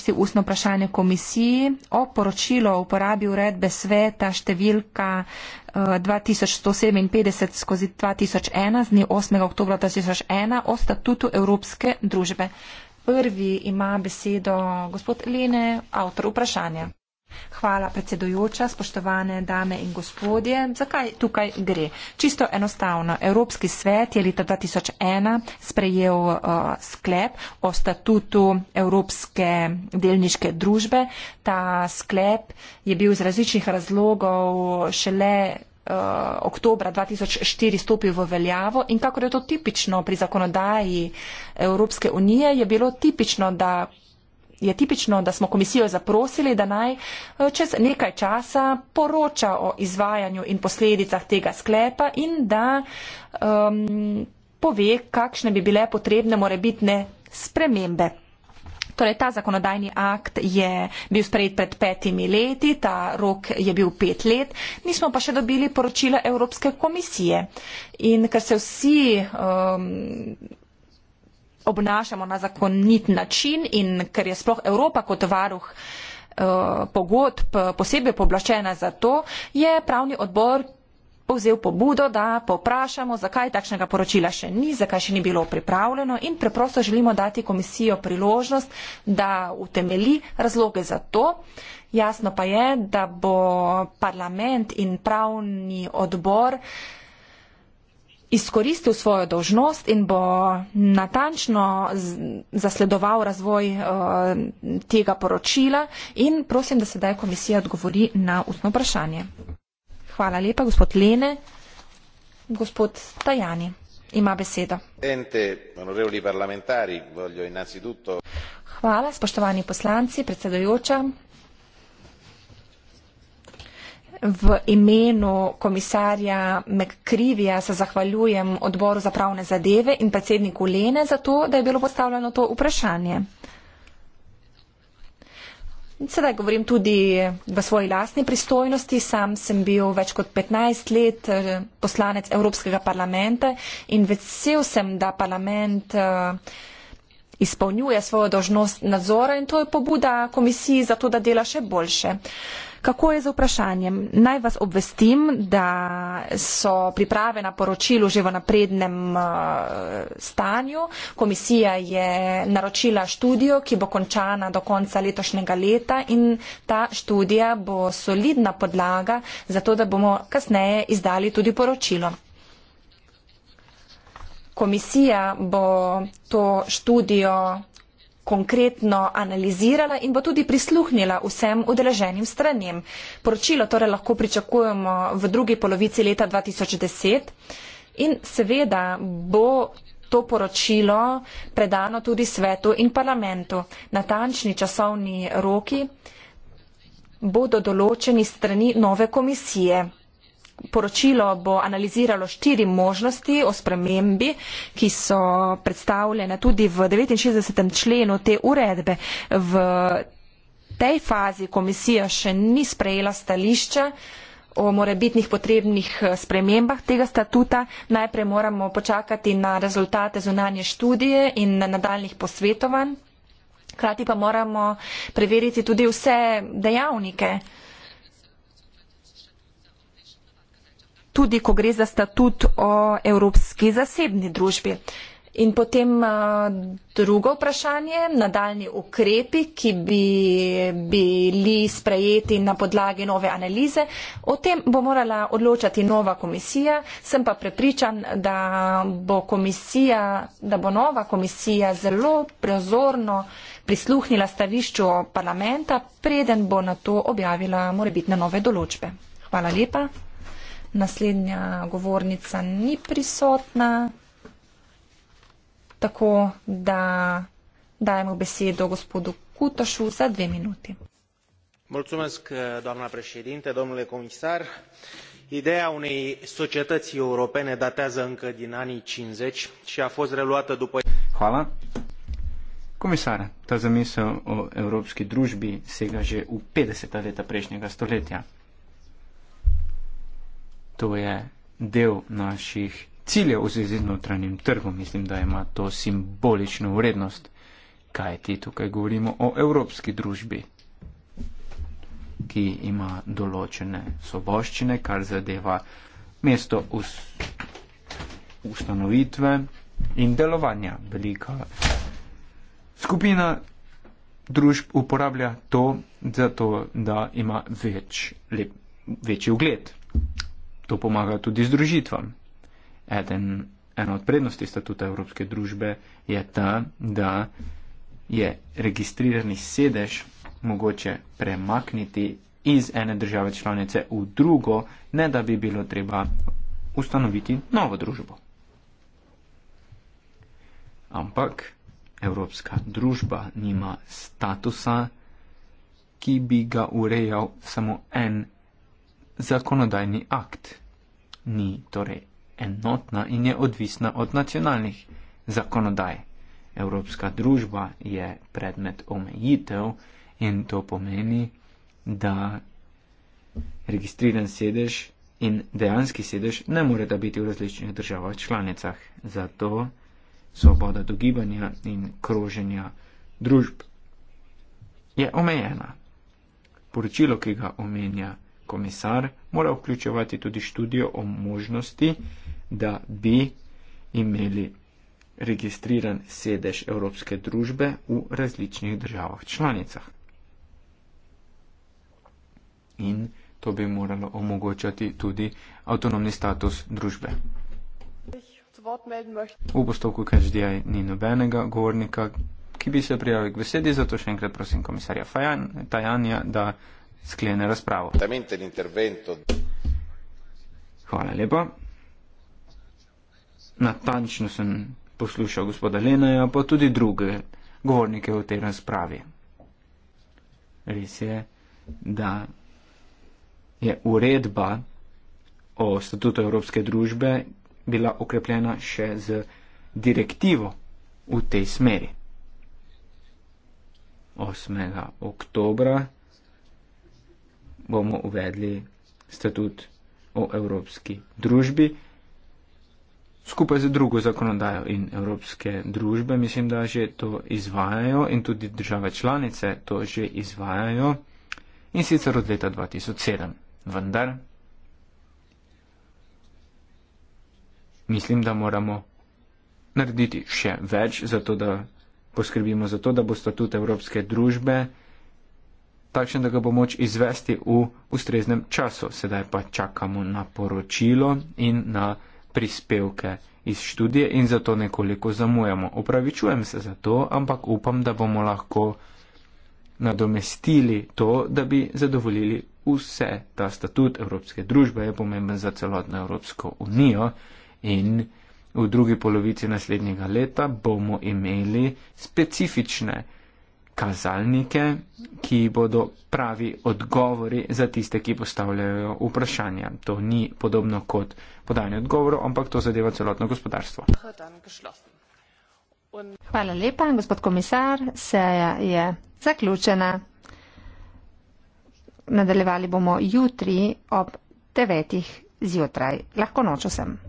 Četrti ustno vprašanje komisiji o poročilo o uporabi uredbe sveta številka 2157 eh, skozi 2001 z dne 8. oktobra 2001 o statutu Evropske družbe. Prvi ima besedo gospod Lene, avtor vprašanja. Hvala, predsedujoča, spoštovane dame in gospodje. Zakaj tukaj gre? Čisto enostavno. Evropski svet je leta 2001 sprejel uh, sklep o statutu Evropske delniške družbe. Ta sklep je bil iz različnih razlogov šele uh, oktobra 2004 stopil v veljavo in kakor je to tipično pri zakonodaji Evropske unije, je bilo tipično, da je tipično, da smo komisijo zaprosili, da naj eh, čez nekaj časa poroča o izvajanju in posledicah tega sklepa in da um, pove, kakšne bi bile potrebne morebitne spremembe. Torej, ta zakonodajni akt je bil sprejet pred petimi leti, ta rok je bil pet let, nismo pa še dobili poročila Evropske komisije. In ker se vsi um, obnašamo na zakonit način in ker je sploh Evropa kot varuh eh, pogodb eh, posebej poblaščena za to, je pravni odbor povzel pobudo, da poprašamo, zakaj takšnega poročila še ni, zakaj še ni bilo pripravljeno in preprosto želimo dati komisijo priložnost, da utemeli razloge za to. Jasno pa je, da bo parlament in pravni odbor uh, izkoristil svojo dožnost in bo natančno zasledoval razvoj eh, tega poročila in prosim, da sedaj komisija odgovori na ustno vprašanje. Hvala lepa, gospod Lene. Gospod Tajani ima besedo. Hvala, spoštovani poslanci, predsedujoča. V imenu komisarja McCrivija se zahvaljujem odboru za pravne zadeve in predsedniku Lene za to, da je bilo postavljeno to vprašanje. Sedaj govorim tudi v svoji lastni pristojnosti. Sam sem bil več kot 15 let eh, poslanec Evropskega parlamenta in vesel sem, da parlament uh, izpolnjuje svojo dožnost nadzora in to je pobuda komisiji za to, da dela še boljše. Kako je z vprašanjem? Naj vas obvestim, da so priprave na poročilu že v naprednem eh, stanju. Komisija je naročila študijo, ki bo končana do konca letošnjega leta in ta študija bo solidna podlaga za to, da bomo kasneje izdali tudi poročilo komisija bo to študijo konkretno analizirala in bo tudi prisluhnila vsem udeleženim stranjem. Poročilo torej lahko pričakujemo v drugi polovici leta 2010 in seveda bo to poročilo predano tudi svetu in parlamentu. Natančni časovni roki bodo določeni strani nove komisije poročilo bo analiziralo štiri možnosti o spremembi, ki so predstavljene tudi v 69. členu te uredbe. V tej fazi komisija še ni sprejela stališča o morebitnih potrebnih eh, spremembah tega statuta. Najprej moramo počakati na rezultate zunanje študije in na nadaljnih posvetovanj. Hkrati pa moramo preveriti tudi vse dejavnike, tudi ko gre za statut o evropski zasebni družbi. In potem eh, drugo vprašanje, nadaljni ukrepi, ki bi bili sprejeti na podlagi nove analize, o tem bo morala odločati nova komisija, sem pa prepričan, da bo, komisija, da bo nova komisija zelo prezorno prisluhnila stavišču parlamenta, preden bo na to objavila morebitne nove določbe. Hvala lepa naslednja govornica ni prisotna. Tako da dajemo besedo gospodu Kutošu za dve minuti. Mulțumesc, doamna președinte, domnule comisar. Ideea unei societăți europene datează încă din anii 50 și a fost reluată după... Hvala. Komisar, ta zamisel o evropski družbi sega že v 50. leta prejšnjega stoletja to je del naših ciljev v zvezi z notranjim trgom. Mislim, da ima to simbolično vrednost. Kaj ti tukaj govorimo o evropski družbi, ki ima določene soboščine, kar zadeva mesto us ustanovitve in delovanja. Velika skupina družb uporablja to, zato da ima več, lep, večji ugled. To pomaga tudi združitvam. Eden, ena od prednosti statuta Evropske družbe je ta, da je registrirani sedež mogoče premakniti iz ene države članice v drugo, ne da bi bilo treba ustanoviti novo družbo. Ampak Evropska družba nima statusa, ki bi ga urejal samo en zakonodajni akt. Ni torej enotna in je odvisna od nacionalnih zakonodaj. Evropska družba je predmet omejitev in to pomeni, da registriran sedež in dejanski sedež ne more da biti v različnih državah članicah. Zato svoboda dogibanja in kroženja družb je omejena. Poročilo, ki ga omenja, komisar mora vključevati tudi študijo o možnosti, da bi imeli registriran sedež Evropske družbe v različnih državah članicah. In to bi moralo omogočati tudi avtonomni status družbe. V postopku KSDI ni nobenega govornika, ki bi se prijavil k besedi, zato še enkrat prosim komisarja Tajanja, da sklene razpravo. Hvala lepa. Natančno sem poslušal gospoda Lenaja, pa tudi druge govornike v tej razpravi. Res je, da je uredba o statutu Evropske družbe bila okrepljena še z direktivo v tej smeri. 8. oktobra bomo uvedli statut o evropski družbi skupaj z drugo zakonodajo in evropske družbe. Mislim, da že to izvajajo in tudi države članice to že izvajajo in sicer od leta 2007. Vendar mislim, da moramo narediti še več, zato da poskrbimo za to, da bo statut evropske družbe takšen, da ga bo moč izvesti v ustreznem času. Sedaj pa čakamo na poročilo in na prispevke iz študije in zato nekoliko zamujamo. Upravičujem se za to, ampak upam, da bomo lahko nadomestili to, da bi zadovoljili vse. Ta statut Evropske družbe je pomemben za celotno Evropsko unijo in v drugi polovici naslednjega leta bomo imeli specifične kazalnike, ki bodo pravi odgovori za tiste, ki postavljajo vprašanja. To ni podobno kot podajanje odgovorov, ampak to zadeva celotno gospodarstvo. Hvala lepa, gospod komisar. Seja je zaključena. Nadaljevali bomo jutri ob 9. zjutraj. Lahko noč vsem.